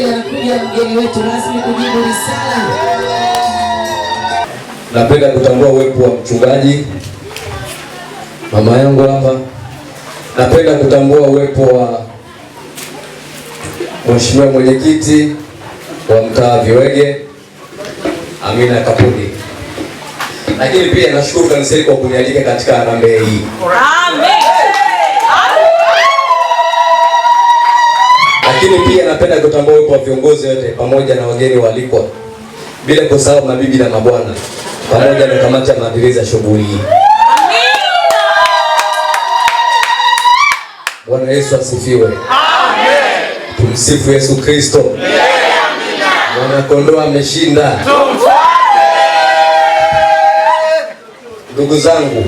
vilevile anakuja mgeni wetu rasmi kujibu risala. Napenda kutambua uwepo wa mchungaji mama yangu hapa. Napenda kutambua uwepo wa mheshimiwa mwenyekiti wa mtaa Viwege Amina Kapuni, lakini pia nashukuru kanisani kwa kunialika katika harambee hii. Lakini pia napenda kutambua uwepo wa viongozi wote pamoja na wageni walikwa, bila kusahau mabibi na mabwana pamoja na kamati ya maandalizi ya shughuli hii. Bwana Yesu asifiwe. Amen. Tumsifu Yesu Kristo. Mwana kondoo ameshinda. Ndugu zangu,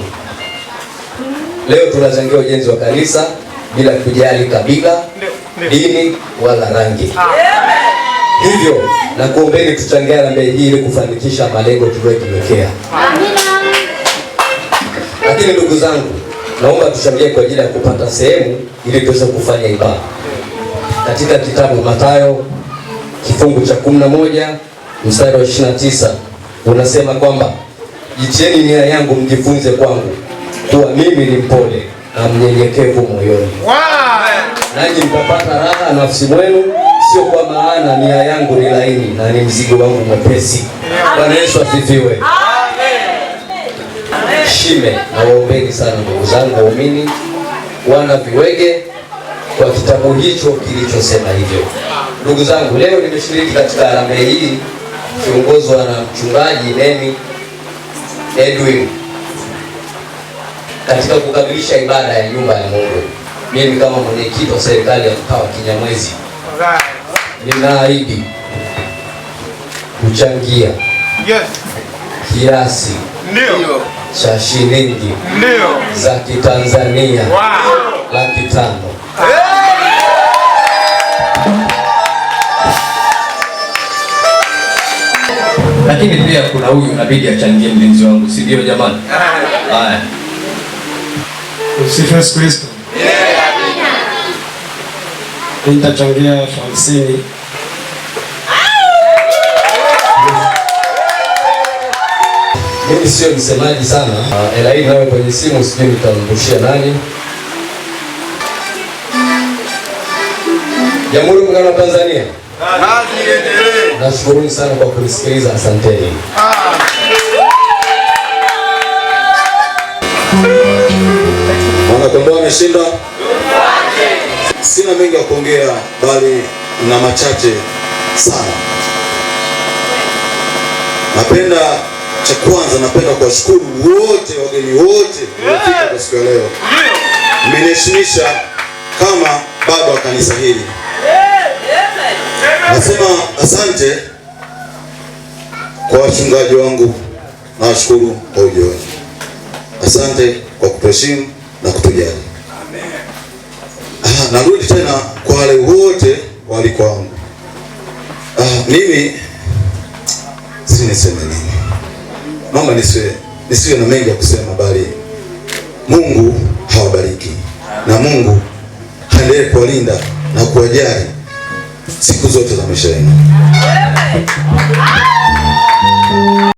leo tunachangia ujenzi wa kanisa bila kujali kabila, dini wala rangi. Ah. Hivyo na kuombeni tuchangie harambee hii ili kufanikisha malengo tuliyojiwekea. Lakini ndugu zangu, naomba tuchangie kwa ajili ya kupata sehemu ili tuweze kufanya ibada. Katika kitabu Mathayo kifungu cha 11 mstari wa 29 unasema kwamba jicheni nia yangu mjifunze kwangu kuwa mimi ni mpole na mnyenyekevu moyoni, nanyi mtapata raha nafsi mwenu, sio kwa maana nia yangu ni laini na ni mzigo wangu mwepesi. Bwana Yesu asifiwe. Shime, nawaombeni sana ndugu zangu waumini, wana Viwege, kwa kitabu hicho kilichosema hivyo. Ndugu zangu, leo nimeshiriki katika harambee hii kiongozwa na mchungaji Nemi Edwin katika kukamilisha ibada ya nyumba ya Mungu. Mimi kama mwenyekiti wa serikali ya mtaa wa Kinyamwezi ninaahidi kuchangia yes, kiasi ndio cha shilingi ndio za Kitanzania wow, laki tano lakini pia kuna huyu inabidi achangie mlinzi wangu, si ndio jamani? Haya. Sifa Yesu Kristo. Nitachangia hamsini. Mimi sio msemaji sana. Hela hii nawe kwenye simu sijui nitambushia nani. Jamhuri ya Muungano wa Tanzania. Kazi iendelee. Nashukuruni sana kwa kunisikiliza, asanteni. Wanakomboa ameshinda. Sina mengi ya kuongea, bali na machache sana. Napenda cha kwanza, napenda kuwashukuru wote wageni wote waliofika kwa siku ya leo, mmeniheshimisha kama baba wa kanisa hili. Nasema asante kwa wachungaji wangu, nawashukuru kwa ujio. Asante kwa kutuheshimu na kutujali. Ah, narudi tena kwa wale wote wangu. Ah, mimi si niseme nini, naomba nisiwe nisiwe na mengi ya kusema, bali Mungu hawabariki na Mungu aendelee kuwalinda na kuwajali siku zote za maisha yenu.